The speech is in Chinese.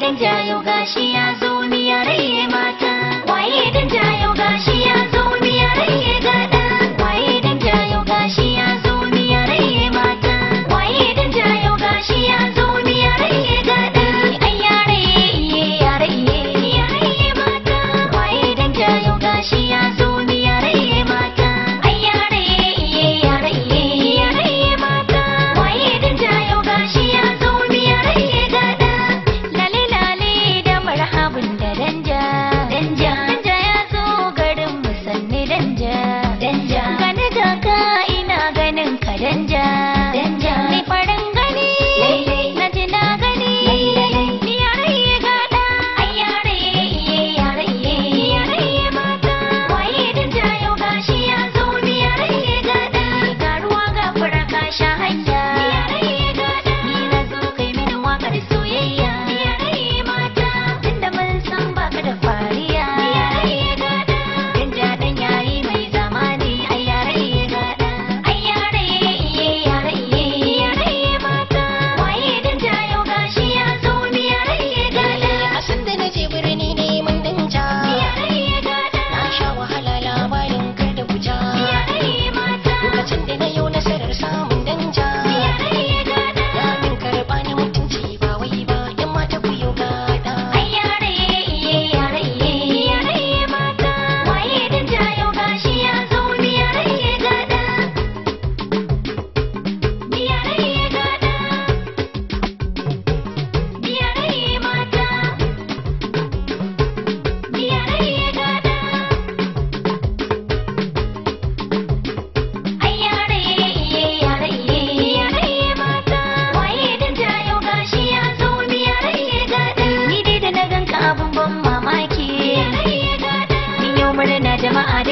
人家有个心呀。